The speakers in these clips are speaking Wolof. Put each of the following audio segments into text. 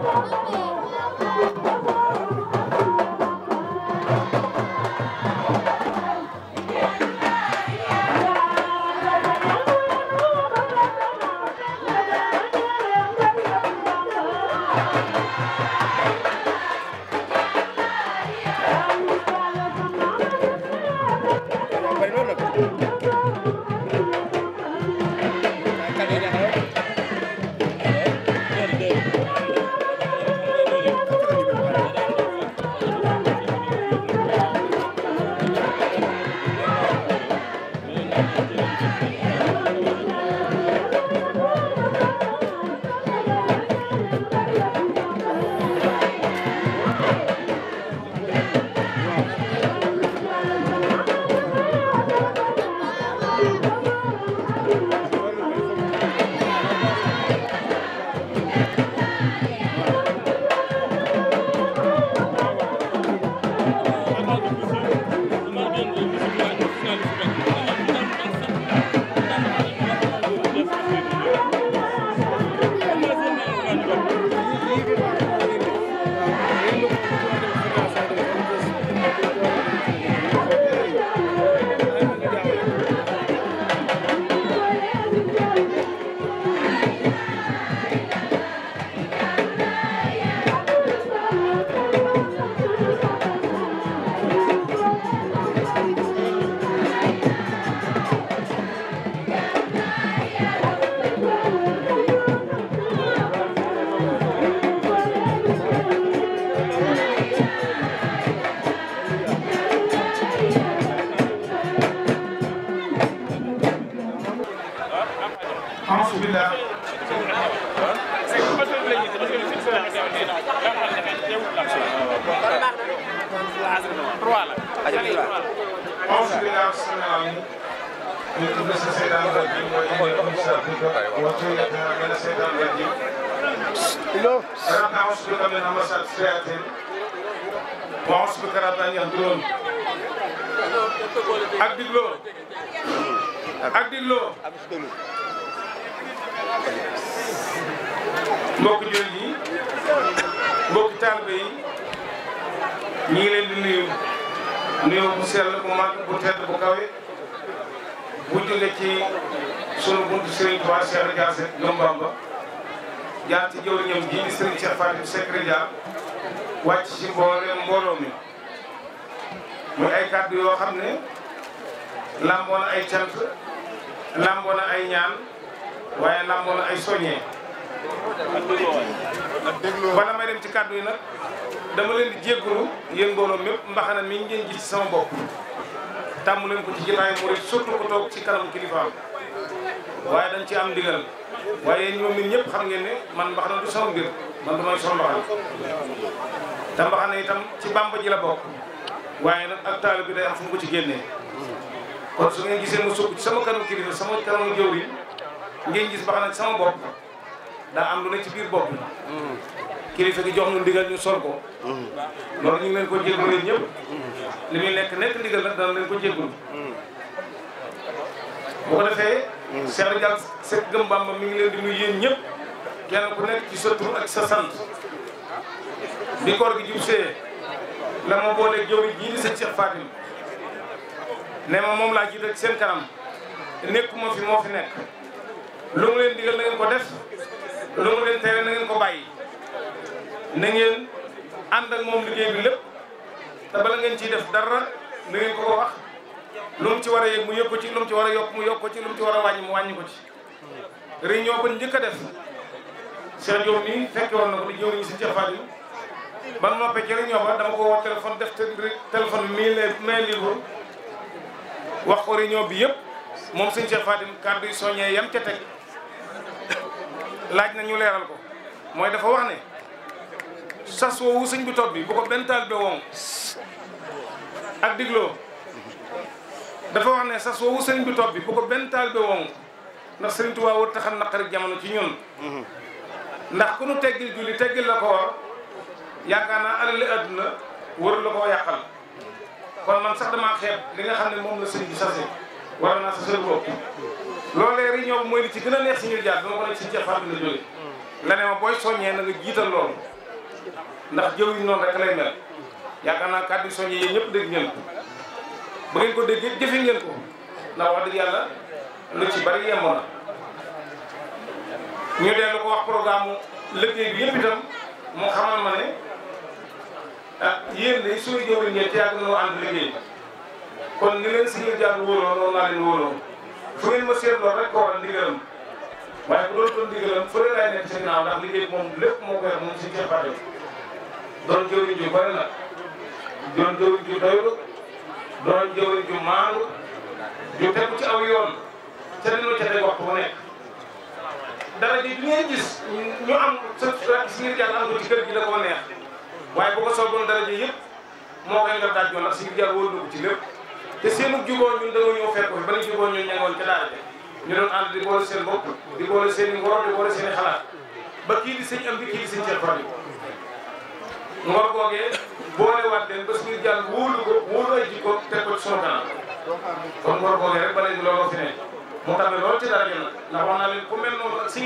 Thank you. أعوذ بالله السميع من كل شيطان رجيم ومن شيطان رجيم رب أعوذ بك من همزات الشياطين وأعوذ بك رب أن يحضرون ak digloo ak digloo mbokk jullit yi mbokk taalibe yi ñu ngi leen di nuyu nuyu bu sell bu mag bu tedd bu kawe bu jóge ci sunu buntu Serigne Touba Cheikh Dia Seck Ndom Bamba jaar ci jëwriñam ji di Serigne Cheikh Fatou Seck Dia wàcc ci mbooleem mbooloo mi muy ay kàddu yoo xam ne làmboo na ay cant làmboo na ay ñaan waaye làmboo ay soññee bala may dem ci kàddu yi nag dama leen di jéggulu yéen mbooloo mépp mbaxana mi ngeen gis sama bopp tàmm leen ko ci jëlaay murid surtout ko toog ci kanamu kilifaam waaye dañ ci am ndigal waaye ñoom nit ñëpp xam ngeen ne man mbaxana du sama mbir man damay sol mbaxana te mbaxana itam ci bàmba ji la bokk waaye nag ak taal bi day am fu mu ko ci génnee kon su ngeen gisee mu sukk ci sama kanamu kilifa sama kanamu jëwriñ ngeen gis mbaxana ci sama bopp daa am lu ne ci biir bopp bi kilifa gi jox ñu ndigal ñu sol ko loolu ñu ngi leen ko jégalu leen ñëpp li muy nekk nekk ndigal nag dana leen ko jégalu bu ko defee Cheikh Diagne Seck Gëm Bamba mi ngi leen di mu yéen ñëpp kenn ku nekk ci sa tur ak sa sant bi koor gi jub see la ma boolee jëwri jii di sa Cheikh Fatim ne ma moom laa jiite seen kanam nekkuma fi moo fi nekk lu mu leen digal na ngeen ko def lu mu leen tere na ngeen ko bàyyi na ngeen ànd ak moom liggéey bi lépp te la ngeen ci def dara na ngeen ko ko wax lu mu ci war a yëg mu yëg ci lu mu ci war a yokk mu yokk ci lu mu ci war a wàññi mu wàññi ko ci réunion ko njëkk a def Cheikh Diop nii fekke woon na ko di ñëw nañu si Cheikh Fadil ba noppee ci réunion ba dama ko woo téléphone def téléphone mille mille livre wax ko réunion bi yëpp moom suñu Cheikh Fadil kàddu yi soññee yam ca teg laaj na ñu leeral ko mooy dafa wax ne sas woowu sëñ bi toog bi bu ko benn taalibe woon ak digloo dafa wax ne sas woowu sëñ bi toog bi bu ko benn taalibe woon ndax sëriñ Tuubaa wër te xam naqari jamono ci ñun mhm. ndax ku nu teggil julli teggil la ko war yaakaar naa alali àdduna wër la koo yàqal kon man sax damaa xeeb li nga xam ne moom la sëñ bi sase war naa sasal boobu loolee réunion bi mooy li ci gën a neex si ñu jaar bi ma ko ne si ceefat bi la jóge la ne ma booy soñee na nga jiital loolu ndax jëw yi noonu rek lay mel yaakaar naa kàddu soññee yi ñëpp dégg ngeen ko ba ngeen ko déggee jëfe ngeen ko ndax wax dëgg yàlla lu ci bari yemb na ñu dellu ko wax programme liggéey bi yëpp itam mu xamal ma ne ah yéen de suñu jëwriñ ngeen ci yàgg nañoo ànd liggéey kon ni leen si ñu jaar wóoloo noonu laa leen wóoloo fu ngeen ma seetloo rek ko waral waaye bu doon doon ndigalam fële laay nekk ci ginnaaw ndax liggéey moom lépp moo ko yor moom si Cheikh Fatou doon jëwriñ ju bari nag doon jëwriñ ju doylu doon jëwriñ ju maandu ju tegu ci aw yoon ca ni mu tege waxtu bu nekk. ji bi ngeen gis ñu am sa si ko ci kër gi da ko neex waaye boo ko sooboon dara ji moo koy nga daaj yoon ndax si ngir jàll wóor ci lépp. te seenu juboo ñun ba ñu juboo ñun ñangoon ca daara ñu doon ànd di boole seen bopp di boole seen i ngor di boole seen i xalaat ba di sëñ am bi kii di sëñ Cheikh Fallou ngor googee boolewaat leen ba suñu jàll wóolu ko wóolu ay jikko teg ko ci sunu kanam kon ngor googee rek ba léegi looloo fi ne mu tàmmee loolu ci dara jël ndax wax naa noonu ak sëñ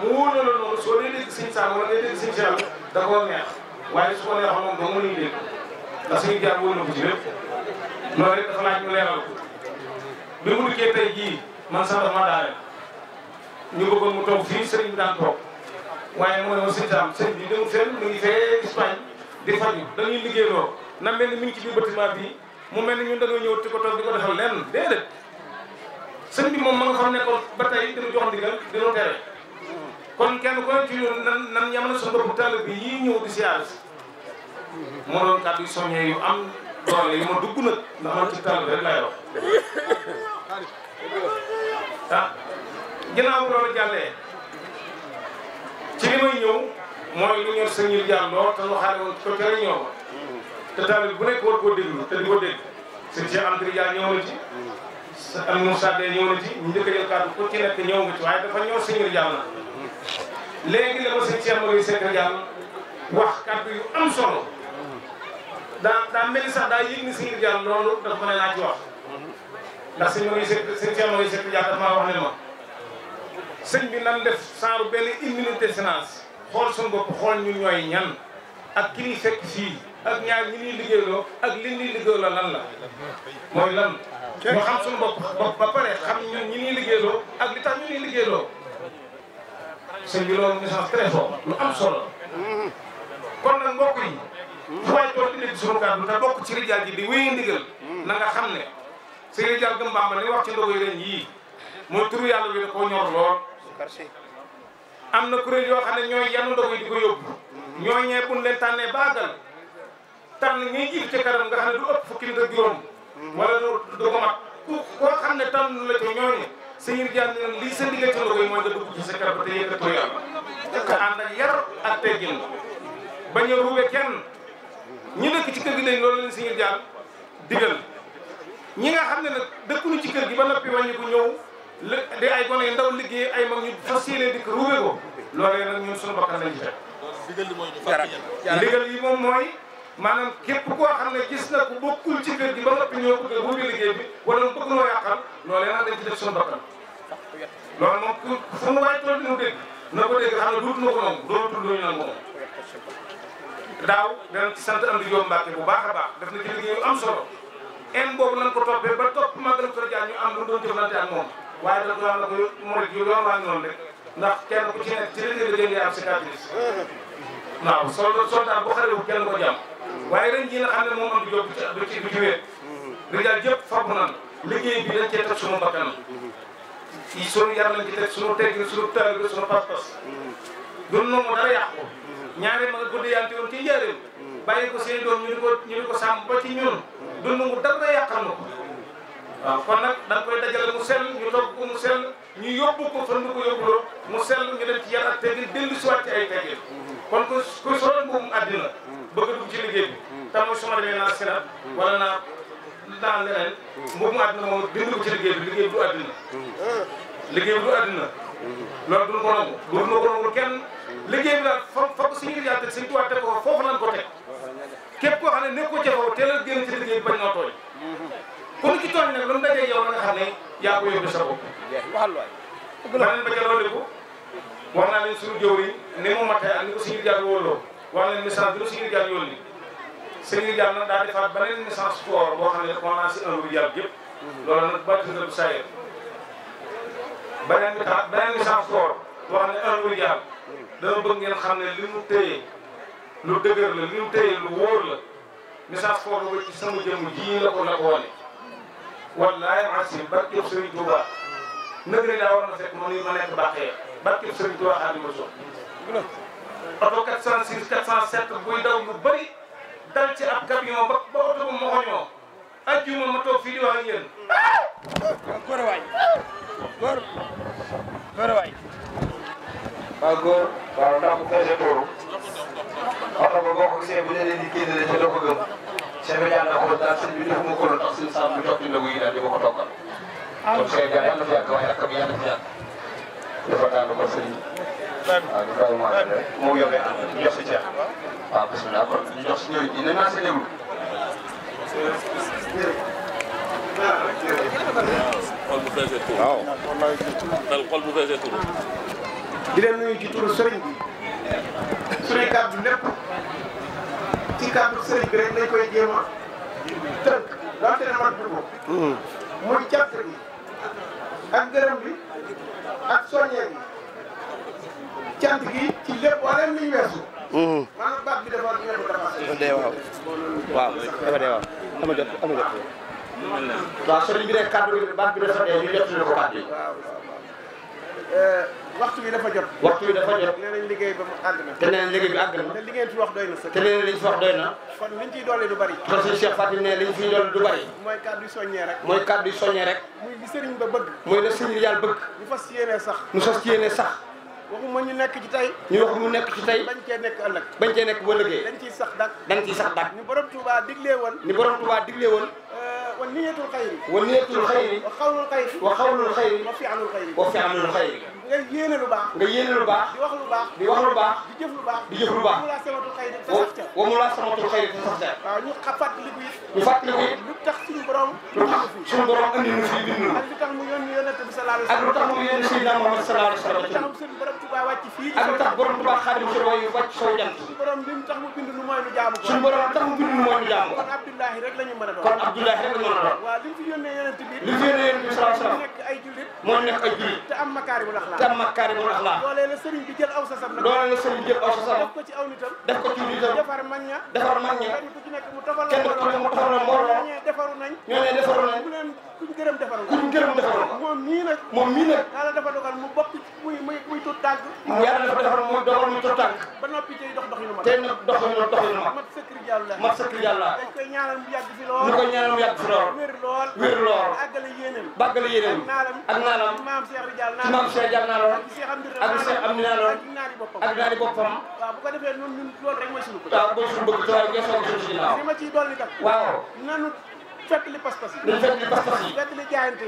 mu wóolu la noonu soo dee dégg sëñ Sam wala ngay dégg sëñ Cheikh da koo neex waaye su ko neexoon moom loolu rek dafa laaj ñu leeral bi mu dikkee tey jii man sax daf ma ñu bëggoon mu toog fii sëriñ bi daan toog waaye mu ne ma sëñ Sam bi demul fenn mu ngi fee Espagne di faju dañuy liggéey lool na mel ni mi ngi ci bi mu mel ni ñun dañoo ñëw di ko toog di ko defal lenn bi moom ma ne ko ba tey dina jox ndigal dina tere kon kenn ku ne ci ñun nan nan ñamal suñu bopp taalibe bi yii ñëw di siyaare moo doon kàddu soññee yu am doole yi ma dugg nag ndax man ci tàll rek laay wax ah ginnaaw bu loolu ci li may ñëw mooy lu ñor sëñ yu jàlloo te waxaale woon ko ca ñëw ma te taal bu nekk war koo déglu te di ko dégg sëñ Cheikh Anta Dia ñëw na ci ak Moussa Deye ñëw na ci ñu njëkk a jël kàddu ku ci nekk ñëw nga ci waaye dafa ñor sëñ yu jàll na léegi la ma sëñ Cheikh Marie Seck Diall wax kàddu yu am solo daa daa mel ni sax daa yëg ni sëñ Diallo loolu dafa mën a naa ci wax ndax sëñ mooy sëñ sëñ Thierno mooy sëñ Diallo dafa wax ne ma sëñ bi nan def saaru benn une minute de silence xool suñu bopp xool ñun ñooy ñan ak ki ñuy fekk fii ak ñaar ñi ñuy liggéeyloo ak li ñuy liggéeyloo lan la mooy lan ñu xam suñu bopp ba pare xam ñun ñi ñuy liggéeyloo ak li tax ñu ñuy liggéeyloo sëñ bi loolu message très fort lu am solo kon nag mbokk yi fooy toog di dégg sunu kàddu te bokk ci rijaal ji di wéy ndigal na nga xam ne si rijaal gëm Bàmba li wax ci ndogu ren yii mooy turu yàlla bi da koo ñor lool am na kuréel yoo xam ne ñooy yanu ndogu yi di ko yóbbu ñooñee buñ leen tànnee baagal tànn ñuy jiitu ci kanam nga xam ne du ëpp fukki nit ak juróom wala du ko mat ku koo xam ne tànn la ca ñooñu sëñ Rijaal ne lii sa yi mooy nga dugg ci sa kër ba te yëkkatoo yàlla te ànd yar ak teggin bañ a ruwe kenn ñu dekk ci kër gi léegi loolu leen si ngir jaar digal ñi nga xam ne nag dëkkuñu ci kër gi ba noppi wàññi ko ñëw di ay gone ndaw liggéey ay mag ñu fas yéene dikk ruube ko loolee nag ñun suñu bakkan lañ ci teg ndigal yi moom mooy maanaam képp koo xam ne gis na ku bokkul ci kër gi ba noppi ñëw bi wala mu bëgg noo yàqal loolee def suñu bakkan loolu fu mu waay tool di mu na ko dégg xam ne duut na ko nangu dootul ñu nangu moom daaw danañ sant am di yoom Mbàkke bu baax a baax def na ci liggéey am solo en boobu lañ ko toppee ba topp Magal Kourou Diagne ñu am lu doon jëflante ak moom waaye dañ ko am na ko murid yu yoon waa noonu rek ndax kenn ku ci nekk ci liggéey liggéey ngay am cicatrice waaw soldat soldat boo xaree wu kenn waaye ren jii nga xam ne moom am di jóg du ci du ci wéet rijal yëpp fab nan liggéey bi dañ cee teg sunu bakkan sunu yar lañ ci teg sunu tegg sunu taal sunu pas-pas dun noonu dara yàqu ñaari ma nga guddi yante woon ci njëriñ bàyyi ko seen doom ñu di ko ñu di ba ci ñun dund mu dara yàqal na ko waaw kon nag da nga koy mu sell ñu togg ko mu sell ñu yóbbu ko fan nga ko yóbbuloo mu sel ñu dem ci yar ak dellu si waat ci ay tegin kon ku ku soroon mbuum àddina bëgg dugg ci liggéey bi te mooy su ma demee naa senat wala naa naa leneen mbuum àddina ko ci liggéey bi liggéey bi du àddina du àddina loolu duñ ko liggéey bi daal fa fa ko suñu yàlla teg suñu tubaab teg ko foofu lan ko teg képp koo xam ne nekkoo ca foofu teel a génn ci liggéey bi bañ noo tooñ ku ñu ci tooñ lu mu dajee yow la nga xam ne yaa ko yóbbu sa bopp ma leen bëgg a wax naa leen suñu jëw yi ni mu matee ak ni ko suñu jaar wóoloo wax leen message bi ko suñu jaar yoon ni suñu jaar nag daa defaat beneen message koor boo xam ne commencé un bu jaar yëpp loolu nag batti na bu sayer beneen bi tax beneen message koor boo xam ne un bu dama bëgg ngeen xam ne li mu téye lu dëgër la li mu téye lu wóor la message foofu ba ci sama jëmm ji la ko la ko wane. wallaahi asim barkeb Sëriñ Tuuba nëgëri war na fekk ma ni ma nekk bàqee barkeb Sëriñ Tuuba Xaadimu Rasuul oto 406 407 buy daw lu bëri dal ci ab camion ba ba oto ba ma xoñoo ajjuma ma toog fii di wax ak yéen. góor waay mago waaw ndax mu feese tooru oto ba boo ko gisee bu dee di génne ca la ko gëm Cheikh bi ñaan na ko daal sëñ bi defuma ko lool ndax suñu sàmm bi toog dina ko yi daal di ma ko toggal kon Cheikh bi yàlla fi yàgg waaye rakam yàlla fi yàgg dafa daan ko sëñ waaw du bàyyi ma rek moo yore ànd ñu jox si Cheikh waaw bismillah kon ñu jox si ñëw ji nañ naa sa déglu waaw xol bu feesee tur waaw xol bu feesee tur di leen nuyu ci turu sëriñ bi suñuy kàddu lépp ci kàddu sëriñ bi rek lañ koy jéem a tënk donte ne man ko. Mm-hmm. muy cant bi ak gërëm bi ak soññee bi cant gi ci lépp wala li ñu weesu. Mm-hmm. maanaam baat bi dafa ñëw dafa dee waaw waaw dafa dee waaw ama jot ama jot waaw sëriñ bi rek kàddu gi baat bi dafa dee ñu jot suñu ko baat bi. Euh, waxtu bi dafa jot waxtu bi dafa jot nee nañ liggéey ba àgg na te nee nañ liggéey bi àgg na te li ngeen fi wax doy na sa te nee nañ li ñu fi wax doy na kon liñ ciy doole du bari kon suñu Cheikh Fatim ne liñ fiy doole du bari mooy kàddu yu soññee rek mooy kàddu yu soññee rek muy li sëriñ ba bëgg mooy la sëriñ yàlla bëgg ñu fas yéenee sax ñu fas yéenee sax waxuma ñu nekk ci tey ñu wax mu nekk ci tey bañ cee nekk ëllëg bañ cee nekk ba lëggee dañ ciy sax dak dañ ciy sax dak ni borom Touba diglee woon ni borom Touba diglee woon wa niyatul xayri wa niyatul xayri wa xawlul xayri wa xawlul xayri wa fi'lul xayri wa fi'lul xayri nga yéene lu baax. nga yéene lu baax. di wax lu baax. di wax lu baax. di jëf lu baax. di jëf lu baax. wamulaa samatul xëy na sax ca. wamulaa samatul xëy na sax ca. waaw ñu xa fàttaliku it. ñu fàttaliku it. lu tax suñu borom. lu tax suñu borom andi na fii bind na. ak lu tax mu yónni yónnate bi sallallahu alayhi wasallam. ak lu tax mu yónni Seydina Muhammad sallallahu alayhi wasallam. ak lu tax suñu borom Tuubaa wàcc fii. ak lu tax borom Tuubaa Xaadim Sëriñ Wayu wàcc soo jant. suñu borom li mu tax mu bind nu mooy nu jaamu ko. suñu borom tax mu bind nu mooy nu jaamu ko. kon Abdullahi rek la ñu mën a doon. kon Abdullahi rek la ñu mën a doon. waaw li mu fi yónnee yónnate bi. li mu fi yónnee yónnate bi sallallahu alayhi wasallam. moo nekk ay jullit. moo nekk ay jullit. te am makaari bu lax la tam makaarimul axlaaq loolee la sëriñ bi jël aw sasam nag loolee la sëriñ bi jël aw sasam def ko ci aw nitam def ko ci nitam defar mag ña defar mag ña kenn ku ci nekk mu tofal la mbooloo ñoo ne defaru nañ ñoo ne defaru nañ ku leen kuñ gërëm defaru kuñ gërëm defaru moom mii nag moom mii nag yàlla dafa dogal mu bokk muy muy muy tuut tànk yàlla dafa dogal mu dogal muy tuut tànk ba noppi tey dox dox yu ma tey nag dox yu dox yu ma mat sëkkri yàlla mat sëkkri yàlla dañ koy ñaanal mu yàgg fi lool ñu koy ñaanal mu yàgg fi lool wér lool wér lool bàggale yéenam bàggale yéenam ak naalam ak naalam maam Cheikh Ridial naaloon ak lu Cheikh waaw bu ko li ma ciy li pas-pas li pas-pas yi. fekk li jaayante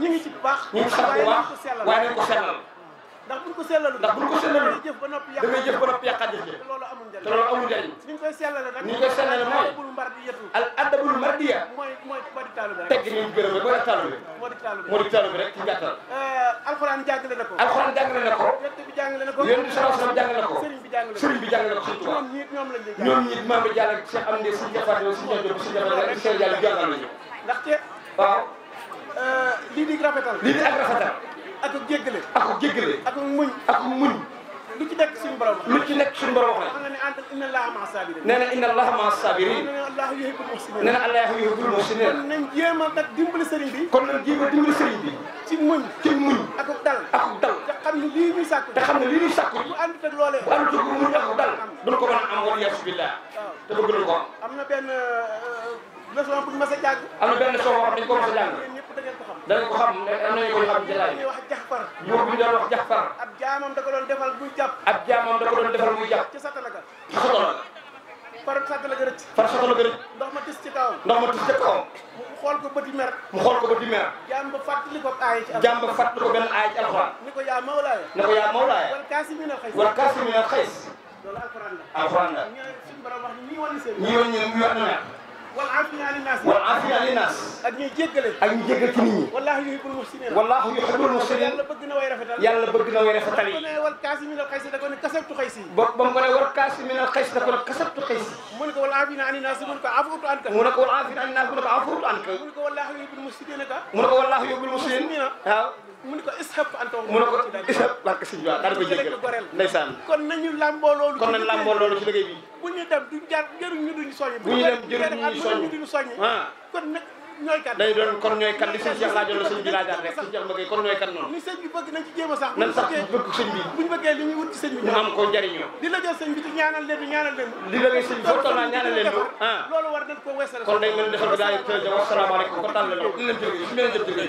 yi. sellal. ndax buñ ko sellalu ndax buñ ko sellalu da ngay jëf ba noppi yàq jëf ba loolu amul njëriñ niñ koy sellale nag niñ koy sellale mooy adabul mardiyatu al adabul mardiya mooy mooy moo di taalu rek tegg ñu gërëm rek moo di taalu rek moo di taalu moo di taalu rek ci gàttal alxuraan jàngale na ko alxuraan jàngale na ko yonent bi jàngale na ko yonent bi sallallahu alayhi wasallam jàngale na ko sëriñ bi jàngale na ko sëriñ bi jàngale na ko ñoom ñi ñoom lañ lay ñoom ñi maam bi Cheikh Amdi suñu jafaat yow suñu jafaat suñu jafaat rek Cheikh Yàlla jàngal nañu ndaxte waaw lii di rafetal lii di rafetal ak ak jéggale ak ak jéggale ak muñ ak muñ lu ci nekk suñu borom wax lu ci nekk suñu borom wax na ne anta inna allaha ma sabirin nee na inna allaha ma sabirin nee na allah yuhibbul muhsinin nee na allah yuhibbul muhsinin kon nañ jéem a nag dimbali sëriñ bi kon nañ jéem a dimbali sëriñ bi ci muñ ci muñ ak dal ak dal te xam ne lii ñuy sàkku te xam ne lii ñuy sàkku bu ànd ak loolee bu ànd ak muñ ak dal duñ ko mën a am woon yasubillah te bëgg nañ ko am na benn euh, euh, leçon bu ñu mas a jàng am na benn leçon boo xam dañ ko mas a jàng dañ ko xam ne am nañu koy xam jalaay wax jaxfar ñu bi doon wax jaxfar ab jaamam da ko doon defal buy jàpp ab jaamam da ko doon defal buy jàpp ci satala mer mu xool mer jaam ba fàttali ko aay ci jaam ba fàttali ko benn aay ci alxuraan ni ko yaa mawlaaya ni ko ni wal aafiina ani naas wal aafiina ani naas ak ñuy jéggale ak ñuy jéggal ci nit ñi wallaahu yuhibbul muhsinin wallaahu yuhibbul muhsinin yàlla bëgg na way rafetal yàlla bëgg na way rafetal yi ne wal kaasimiina al xaysa da ko ne kasabtu xaysi ba ba mu ko ne wal kaasimiina al xaysa da ko ne kasabtu xaysi mu ne ko wal aafiina ani naas mu ne ko afuutu anka mu ne ko wal aafiina ani naas mu ne ko afuutu anka mu ne ko wallaahu yuhibbul muhsinin ka mu ne ko wallaahu yuhibbul muhsinin waaw mu ne ko ishab anta mu ne ko ishab barke sëñ bi waaw daal ko jéggal ndeysaan kon nañu làmboo loolu kon nañu làmboo loolu ci liggéey bi bu ñu dem duñ jar jëruñ ñu duñu soññi. bu ñu dem jëruñ ñuy soññi bu ñu soññi. Ah. kon ñooy kan. day doon kon ñooy kan li sëñ Cheikh la sëñ bi rek sëñ Cheikh bëggee kon ñooy kan noonu. ni sëñ bi bëgg nañ ci jéem sax. nañ sax bëgg sëñ li ñuy wut ci sëñ ñu am ko njariñoo. di la jël sëñ bi ci leen di ñaanal leen. di la loolu war nañ ko ah. weesal. kon day mel ni